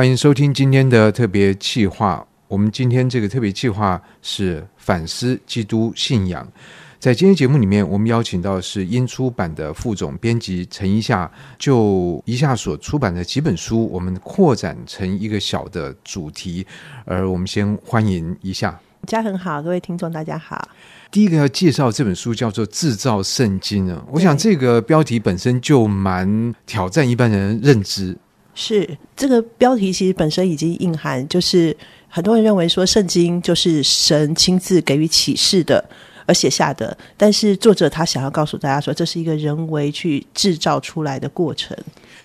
歡迎收聽今天的特別企劃。我們今天這個特別企劃是反思基督信仰。在今天節目裡面，我們邀請到的是鷹出版的副總編輯成怡夏，就怡夏所出版的幾本書，我們擴展成一個小的主題。而我們先歡迎一下。家恆好，各位聽眾大家好。第一個要介紹這本書叫做《製造聖經》啊，我想這個標題本身就蠻挑戰一般人認知。是，這個標題其實本身已經蘊含，就是很多人認為說聖經就是神親自給予啟示的。而寫下的，但是作者他想要告訴大家說，這是一個人為去制造出來的過程。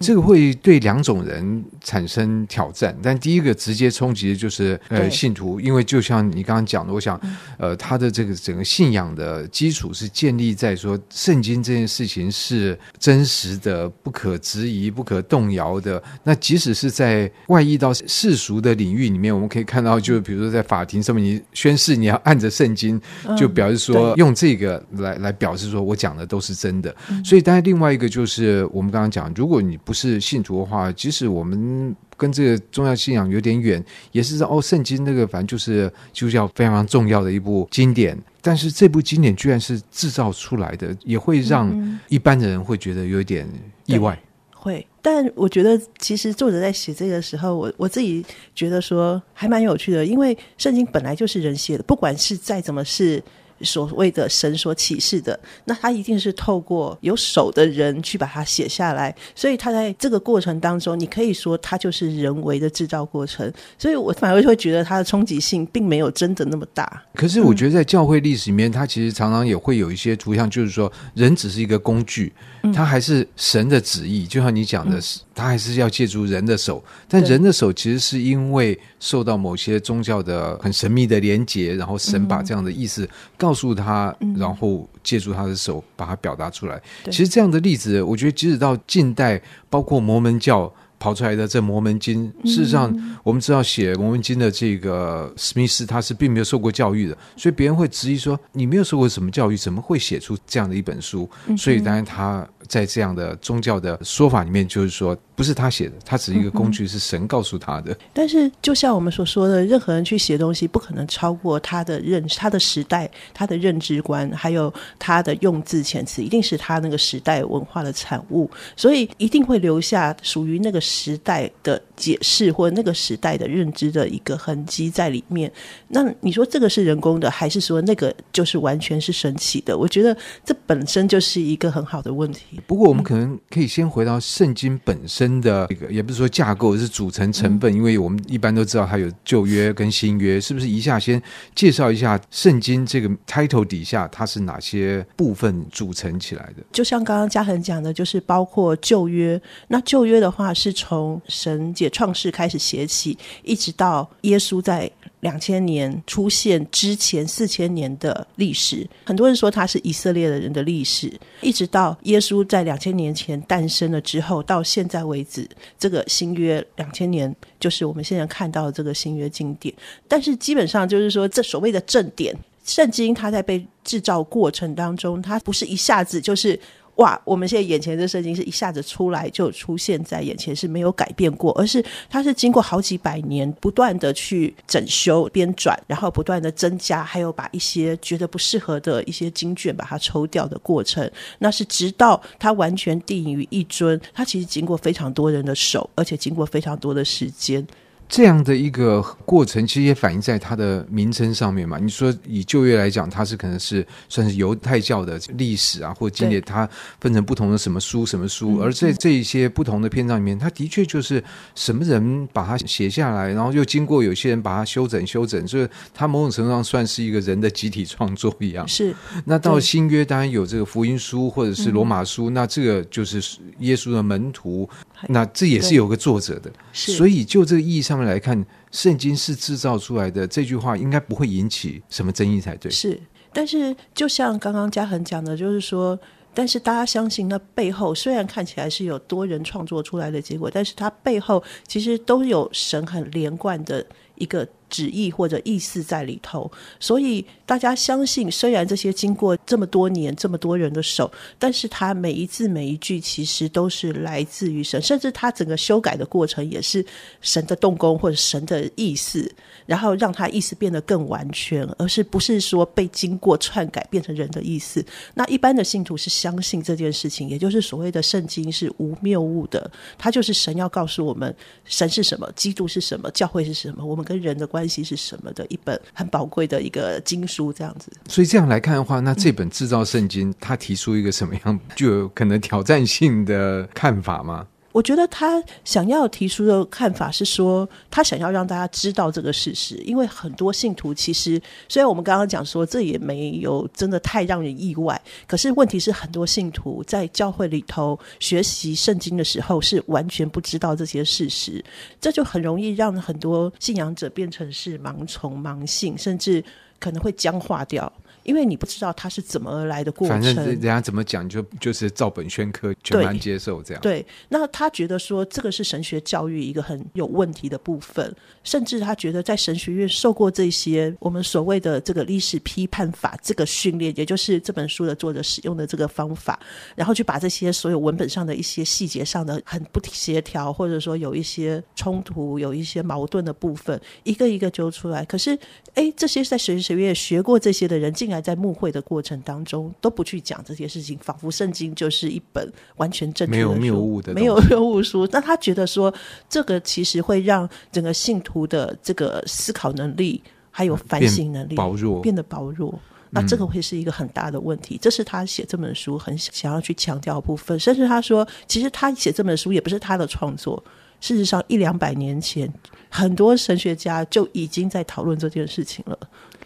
這個會對兩種人產生挑戰，但第一個直接衝擊的就是呃信徒，因為就像你剛剛講的，我想呃他的這個整個信仰的基礎是建立在說聖經這件事情是真實的、不可質疑、不可動搖的。那即使是在外溢到世俗的領域裡面，我們可以看到，就比如說在法庭上面，你宣誓你要按着聖經，就表示說。嗯。說用這個來來表示，說我講的都是真的。嗯、所以，但是另外一個就是，我們剛剛講，如果你不是信徒的話，即使我們跟這個宗教信仰有點遠，也是說哦，聖經那個反正就是基督教非常重要的一部經典。但是這部經典居然是製造出來的，也會讓一般的人會覺得有點意外，嗯對。會，但我覺得其實作者在寫這個時候，我我自己覺得說還蠻有趣的，因為聖經本來就是人寫的，不管是再怎麼是。所謂的神所啟示的，那他一定是透過有手的人去把它寫下來，所以他在這個過程當中，你可以說它就是人為的製造過程，所以我反而會覺得它的衝擊性並沒有真的那麼大。可是我覺得在教會歷史裡面，它其實常常也會有一些圖像，就是說人只是一個工具，他還是神的旨意，就像你講的是。嗯。他還是要借助人的手，但人的手其實是因為受到某些宗教的很神秘的連結，然後神把這樣的意思告訴他，嗯、然後借助他的手把它表達出來。其實這樣的例子，我覺得即使到近代，包括摩門教跑出來的這摩門經，事實上我們知道寫摩門經的這個史密斯，他是並沒有受過教育的，所以別人會質疑說，你沒有受過什麼教育，怎麼會寫出這樣的一本書？所以當然他在這樣的宗教的說法裡面，就是說，不是他寫的，他只是一個工具，是神告訴他的。嗯嗯。但是就像我們所說的，任何人去寫東西，不可能超過他的認識、他的時代、他的認知觀，還有他的用字遣詞，一定是他那個時代文化的產物，所以一定會留下屬於那個時代的解釋或那個時代的認知的一個痕跡在裡面。那你說這個是人工的，還是說那個就是完全是神奇的？我覺得這本身就是一個很好的問題。不過我們可能可以先回到聖經本身的一個，嗯、也不是說架構，是組成成分、嗯。因為我們一般都知道它有舊約跟新約，是不是？一下先介紹一下聖經這個 title 底下它是哪些部分組成起來的？就像剛剛家恆講的，就是包括舊約。那舊約的話是從神創世開始寫起，一直到耶穌在兩千年出現之前四千年的歷史，很多人說他是以色列的人的歷史，一直到耶穌在兩千年前誕生了之後，到現在為止，這個新約兩千年就是我們現在看到的這個新約經典。但是基本上就是說，這所謂的正典聖經，它在被制造過程當中，它不是一下子就是。哇，我們現在眼前這聖經是一下子出來就出現在眼前，是沒有改變過，而是它是經過好幾百年不斷的去整修編纂，然後不斷的增加，還有把一些覺得不適合的一些經卷把它抽掉的過程，那是直到它完全定於一尊，它其實經過非常多人的手，而且經過非常多的時間。這樣的一個過程，其實也反映在他的名稱上面嘛。你說以舊約來講，它是可能是算是猶太教的歷史啊，或者經典，它分成不同的什麼書、什麼書。而在這，這一些不同的篇章裡面，它的確就是什麼人把它寫下來，然後又經過有些人把它修整、修整，所以他某種程度上算是一個人的集體創作一樣。是。那到新約，當然有這個福音書或者是羅馬書，那這個就是耶穌的門徒。那這也是有個作者的，所以就這個意義上面來看，聖經是制造出來的，這句話應該不會引起什麼爭議才對。是，但是就像剛剛家恆講的，就是說，但是大家相信，那背後雖然看起來是有多人創作出來的結果，但是它背後其實都有神很連貫的一個。旨意或者意思在裡頭，所以大家相信，雖然這些經過這麼多年這麼多人的手，但是他每一字每一句其實都是來自於神，甚至他整個修改的過程也是神的動工或者神的意思，然後讓他意思變得更完全，而是不是說被經過篡改變成人的意思？那一般的信徒是相信這件事情，也就是所謂的聖經是無謬誤的，他就是神要告訴我們，神是什麼，基督是什麼，教會是什麼，我們跟人的關係。關係是什麼的一本很寶貴的一個經書，這樣子。所以這樣來看的話，那這本製造聖經，他、嗯、提出一個什麼樣具有可能挑戰性的看法嗎？我覺得他想要提出的看法是說，他想要讓大家知道這個事實，因為很多信徒其實，雖然我們剛剛講說這也沒有真的太讓人意外，可是問題是很多信徒在教會裡頭學習聖經的時候是完全不知道這些事實，這就很容易讓很多信仰者變成是盲從、盲信，甚至可能會僵化掉。因為你不知道他是怎麼而來的過程，反正人家怎麼講就就是照本宣科，全盤接受這樣對。對，那他覺得說這個是神學教育一個很有問題的部分，甚至他覺得在神學院受過這些我們所謂的這個歷史批判法這個訓練，也就是這本書的作者使用的這個方法，然後去把這些所有文本上的一些細節上的很不協調，或者說有一些衝突、有一些矛盾的部分，一個一個揪出來。可是，哎，這些在神學院學過這些的人，竟然在在牧會的過程當中，都不去講這些事情，仿佛聖經就是一本完全正確的、沒有謬誤的、沒有謬誤的書。那他覺得說，這個其實會讓整個信徒的這個思考能力還有反省能力變，變得薄弱。那這個會是一個很大的問題。嗯、這是他寫這本書很想要去強調的部分，甚至他說，其實他寫這本書也不是他的創作。事實上，一兩百年前，很多神學家就已經在討論這件事情了。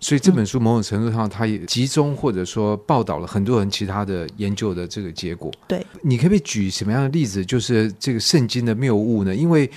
所以這本書某種程度上，它也集中或者說報道了很多人其他的研究的這個結果。對，你可不可以舉什麼樣的例子？就是這個聖經的謬誤呢？因為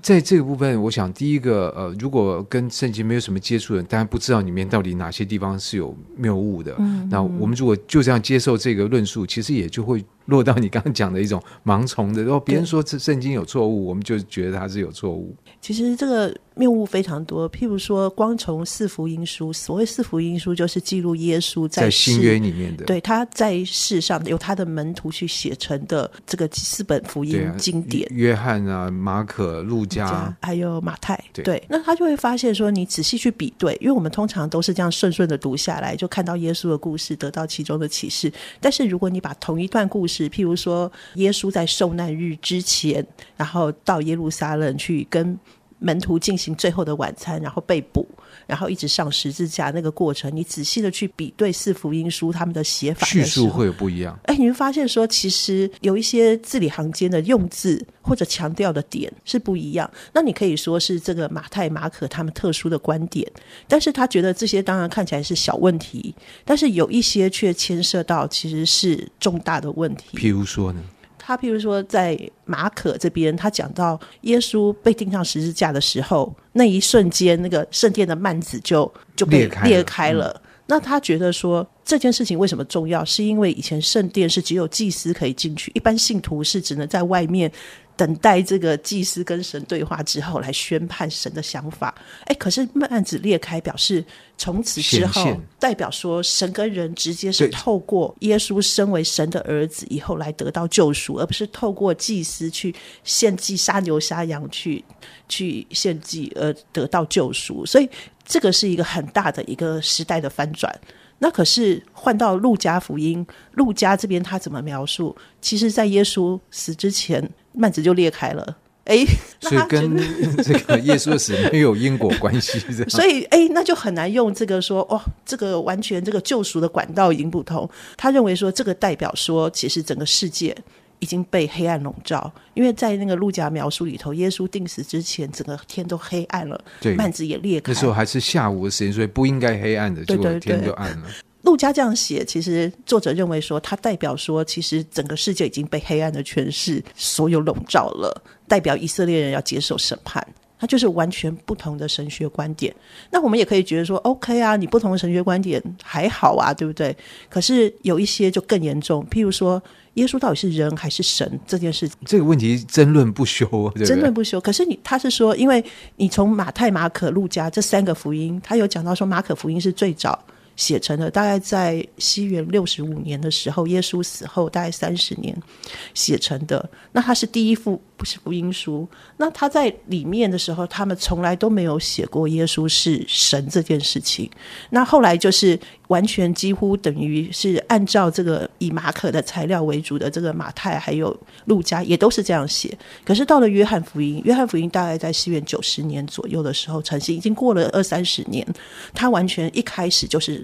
在這個部分，我想第一個，呃，如果跟聖經沒有什麼接觸的人，當然不知道裡面到底哪些地方是有謬誤的。嗯。那我們如果就這樣接受這個論述，其實也就會。落到你剛剛講的一種盲從的，然後別人說聖經有錯誤，我們就覺得它是有錯誤。其實這個。謬誤非常多，譬如說，光從四福音書，所謂四福音書，就是記錄耶穌在，在新約裡面的，對他在世上有他的門徒去寫成的這個四本福音經典，啊、約翰啊，馬可路、路加，還有馬太，對，對，那他就會發現說，你仔細去比對，因為我們通常都是這樣順順的讀下來，就看到耶穌的故事，得到其中的啟示。但是如果你把同一段故事，譬如說耶穌在受難日之前，然後到耶路撒冷去跟。門徒進行最後的晚餐，然後被捕，然後一直上十字架那個過程，你仔細的去比對四福音書他們的寫法的敘述會有不一樣。哎，你會發現說，其實有一些字裡行間的用字或者強調的點是不一樣。那你可以說是這個馬太、馬可他們特殊的觀點，但是他覺得這些當然看起來是小問題，但是有一些卻牽涉到其實是重大的問題。譬如說呢？他譬如說，在馬可這邊，他講到耶穌被釘上十字架的時候，那一瞬間，那個聖殿的幔子就就被裂開了，嗯。那他覺得說這件事情為什麼重要？是因為以前聖殿是只有祭司可以進去，一般信徒是只能在外面。等待這個祭司跟神對話之後，來宣判神的想法。哎，可是幔子裂開，表示從此之後，代表說神跟人直接是透過耶穌身為神的兒子以後來得到救贖，而不是透過祭司去獻祭殺牛殺羊去去獻祭而得到救贖。所以這個是一個很大的一個時代的翻轉。那可是換到路加福音，路加這邊他怎麼描述？其實，在耶穌死之前，幔子就裂開了。誒，所以跟這個耶穌的死沒有因果關係。 所以，誒，那就很難用這個說，哦，這個完全這個救贖的管道已經不通。他認為說，這個代表說，其實整個世界。已經被黑暗籠罩，因為在那個路加描述裡頭，耶穌釘死之前，整個天都黑暗了，對，幔子也裂開。那時候還是下午的時間，所以不應該黑暗的，嗯、對對對，就天就暗了。路加這樣寫，其實作者認為說，他代表說，其實整個世界已經被黑暗的權勢所有籠罩了，代表以色列人要接受審判。他就是完全不同的神學觀點，那我們也可以覺得說，OK 啊，你不同的神學觀點還好啊，對不對？可是有一些就更嚴重，譬如說，耶穌到底是人還是神這件事情，這個問題爭論不休，對不對？爭論不休。可是你他是說，因為你從馬太、馬可、路加這三個福音，他有講到說，馬可福音是最早。寫成的，大概在西元六十五年的時候，耶穌死後大概三十年寫成的。那他是第一副不是福音書，那他在裡面的時候，他們從來都沒有寫過耶穌是神這件事情。那後來就是完全幾乎等於是按照這個以馬可的材料為主的這個馬太還有路加也都是這樣寫。可是到了約翰福音，約翰福音大概在西元九十年左右的時候成形，已經過了二三十年，他完全一開始就是。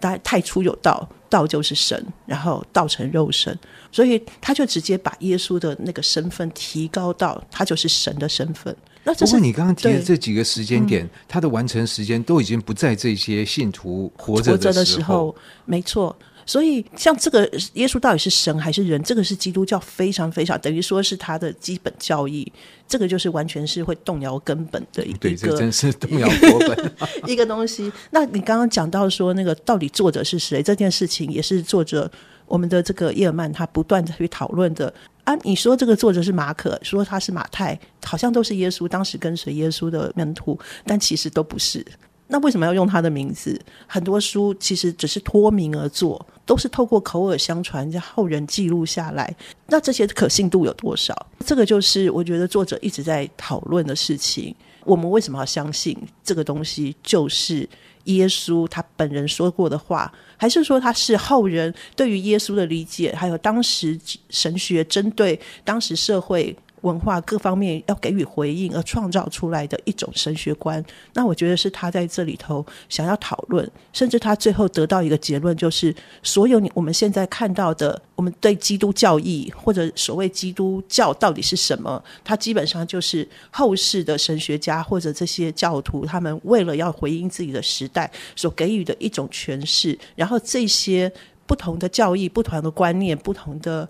但太初有道，道就是神，然後道成肉身，所以他就直接把耶穌的那個身份提高到他就是神的身份。那這是你剛剛提的這幾個時間點，嗯，他的完成時間都已經不在這些信徒活着的時候，時候沒錯。所以，像這個耶穌到底是神還是人，這個是基督教非常非常等於說是他的基本教義。這個就是完全是會動搖根本的一個，對，這真是動搖國本 一個東西。那你剛剛講到說那個到底作者是誰這件事情，也是作者我們的這個葉爾曼他不斷的去討論的啊。你說這個作者是馬可，說他是馬太，好像都是耶穌當時跟隨耶穌的門徒，但其實都不是。那為什麼要用他的名字？很多書其實只是託名而作，都是透過口耳相傳，讓後人記錄下來。那這些可信度有多少？這個就是我覺得作者一直在討論的事情。我們為什麼要相信這個東西就是耶穌他本人說過的話，還是說他是後人對於耶穌的理解，還有當時神學針對當時社會？文化各方面要給予回應而創造出來的一種神學觀，那我覺得是他在這裡頭想要討論，甚至他最後得到一個結論，就是所有你我們現在看到的，我們對基督教義或者，所謂基督教到底是什麼，他基本上就是後世的神學家或者這些教徒他們為了要回應自己的時代所給予的一種詮釋。然後這些不同的教義、不同的觀念、不同的。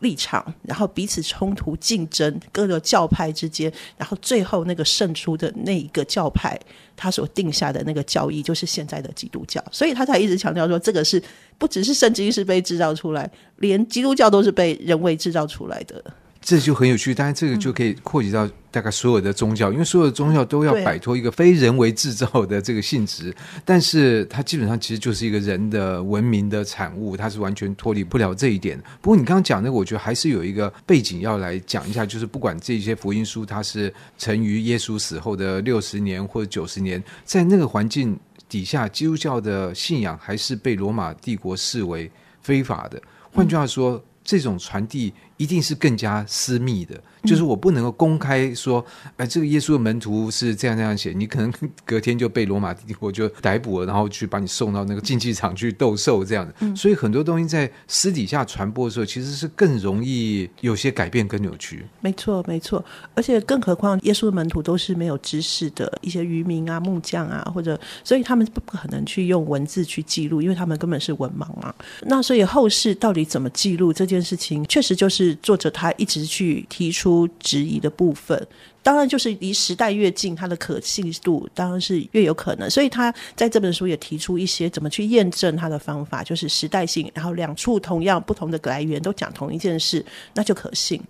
立場，然後彼此衝突、競爭，各個教派之間，然後最後那個勝出的那一個教派，他所定下的那個教義就是現在的基督教，所以他才一直強調說，這個是，不只是聖經是被制造出來，連基督教都是被人為制造出來的。這就很有趣，當然這個就可以擴及到大概所有的宗教、嗯，因為所有的宗教都要擺脫一個非人為制造的這個性質，但是它基本上其實就是一個人的文明的產物，它是完全脫離不了這一點。不過你剛剛講那個，我覺得還是有一個背景要來講一下，就是不管這些福音書它是成於耶穌死後的六十年或者九十年，在那個環境底下，基督教的信仰還是被羅馬帝國視為非法的。換句話說，嗯、這種傳遞。一定是更加私密的，嗯、就是我不能夠公開說，哎，這個耶穌的門徒是這樣那樣寫，你可能隔天就被羅馬帝國就逮捕了，然後去把你送到那個競技場去鬥獸這樣子、嗯。所以很多東西在私底下傳播的時候，其實是更容易有些改變跟扭曲。沒錯，沒錯，而且更何況耶穌的門徒都是沒有知識的一些漁民啊、木匠啊，或者所以他們不可能去用文字去記錄，因為他們根本是文盲啊。那所以後世到底怎麼記錄這件事情，確實就是。作者他一直去提出質疑的部分，當然就是離時代越近，他的可信度當然是越有可能。所以他在這本書也提出一些怎麼去驗證他的方法，就是時代性，然後兩處同樣不同的來源都講同一件事，那就可信。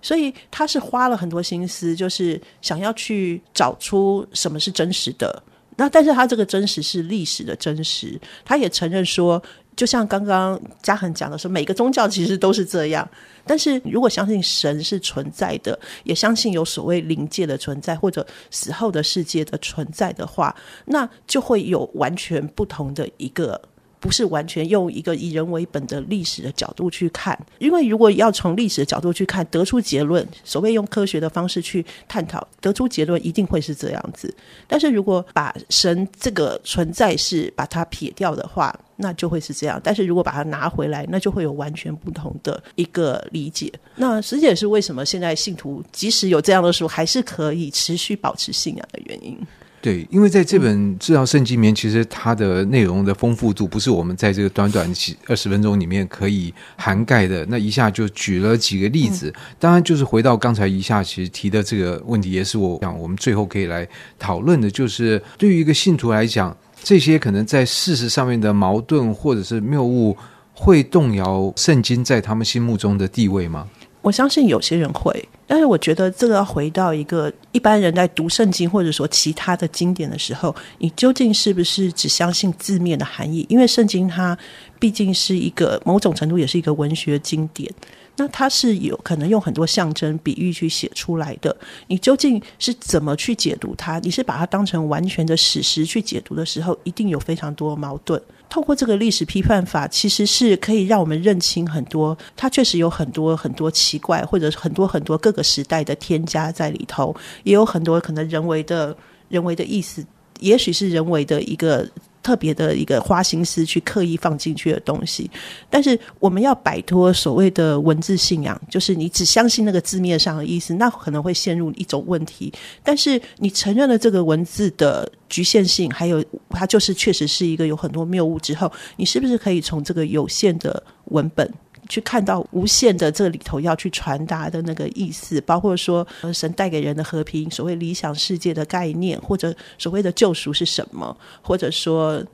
所以他是花了很多心思，就是想要去找出什麼是真實的。那但是他這個真實是歷史的真實，他也承認說。就像剛剛家恆講的說，每個宗教其實都是這樣。但是，如果相信神是存在的，也相信有所謂靈界的存在或者死後的世界的存在的話，那就會有完全不同的一個。不是完全用一個以人為本的歷史的角度去看，因為如果要從歷史的角度去看、得出結論，所謂用科學的方式去探討，得出結論一定會是這樣子。但是如果把神這個存在是把它撇掉的話，那就會是這樣。但是如果把它拿回來，那就會有完全不同的一個理解。那實際是為什麼現在信徒即使有這樣的書，還是可以持續保持信仰的原因？對，因為在這本《製造聖經》裡面，其實它的內容的豐富度不是我們在這個短短幾二十分鐘裡面可以涵蓋的。那一夏就舉了幾個例子，當然就是回到剛才一夏其實提的這個問題，也是我想我們最後可以來討論的，就是對於一個信徒來講，這些可能在事實上面的矛盾或者是謬誤，會動搖聖經在他們心目中的地位嗎？我相信有些人會。但是我覺得這個要回到一個一般人在讀聖經或者說其他的經典的時候，你究竟是不是只相信字面的含義？因為聖經它畢竟是一個某種程度也是一個文學經典，那它是有可能用很多象徵、比喻去寫出來的。你究竟是怎麼去解讀它？你是把它當成完全的史實去解讀的時候，一定有非常多的矛盾。透過這個歷史批判法，其實是可以讓我們認清很多，它確實有很多很多奇怪，或者很多很多各個時代的添加在裡頭，也有很多可能人為的人為的意思，也許是人為的一個特別的一個花心思去刻意放進去的東西，但是我們要擺脫所謂的文字信仰，就是你只相信那個字面上的意思，那可能會陷入一種問題。但是你承認了這個文字的局限性，還有它就是確實是一個有很多謬誤之後，你是不是可以從這個有限的文本？去看到無限的這裡頭要去傳達的那個意思，包括說神帶給人的和平，所謂理想世界的概念，或者所謂的救贖是什麼，或者說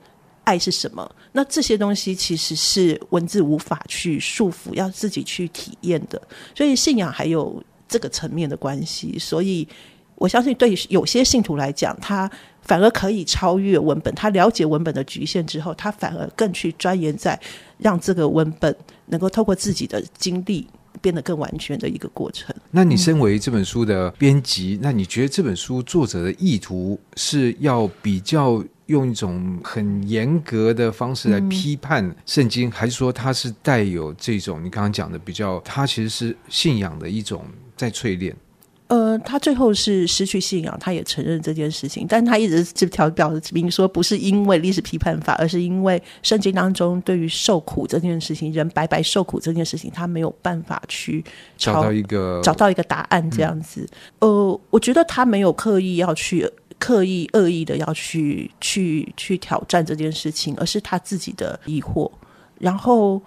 愛是什麼？那這些東西其實是文字無法去束縛，要自己去體驗的。所以信仰還有這個層面的關係。所以我相信，對於有些信徒來講，他，反而可以超越文本。他了解文本的局限之後，他反而更去鑽研在讓這個文本能夠透過自己的經歷變得更完全的一個過程。那你身為這本書的編輯，嗯，那你覺得這本書作者的意圖是要比較用一種很嚴格的方式來批判聖經，嗯，還是說它是帶有這種你剛剛講的比較，它其實是信仰的一種在淬煉？呃，他最後是失去信仰，他也承認這件事情，但他一直是調表示明說，不是因為歷史批判法，而是因為聖經當中對於受苦這件事情，人白白受苦這件事情，他沒有辦法去找，找到一個找到一個答案這樣子。嗯、呃，我覺得他沒有刻意要去刻意惡意的要去去去挑戰這件事情，而是他自己的疑惑。然後，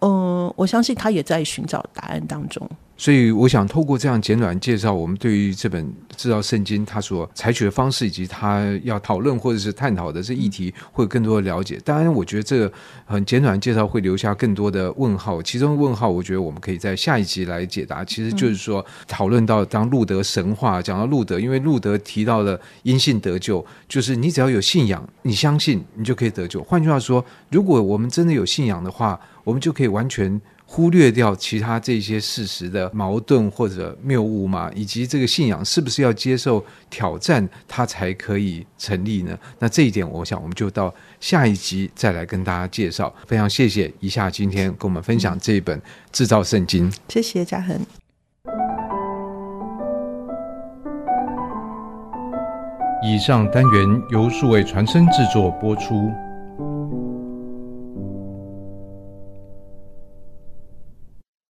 嗯、呃，我相信他也在尋找答案當中。所以，我想透過這樣簡短的介紹，我們對於這本製造聖經，他所採取的方式，以及他要討論或者是探討的這議題，會有更多的了解。當然，我覺得這個很簡短的介紹會留下更多的問號，其中的問號，我覺得我們可以在下一集來解答。其實就是說，討論到當路德神話講到路德，因為路德提到了因信得救，就是你只要有信仰，你相信你就可以得救。換句話說，如果我們真的有信仰的話，我們就可以完全忽略掉其他這些事實的矛盾或者謬誤嗎？以及這個信仰是不是要接受挑戰，它才可以成立呢？那這一點，我想我們就到下一集再來跟大家介紹。非常謝謝怡夏今天跟我們分享這一本《製造聖經》。謝謝家恆。以上單元由數位傳聲製作播出。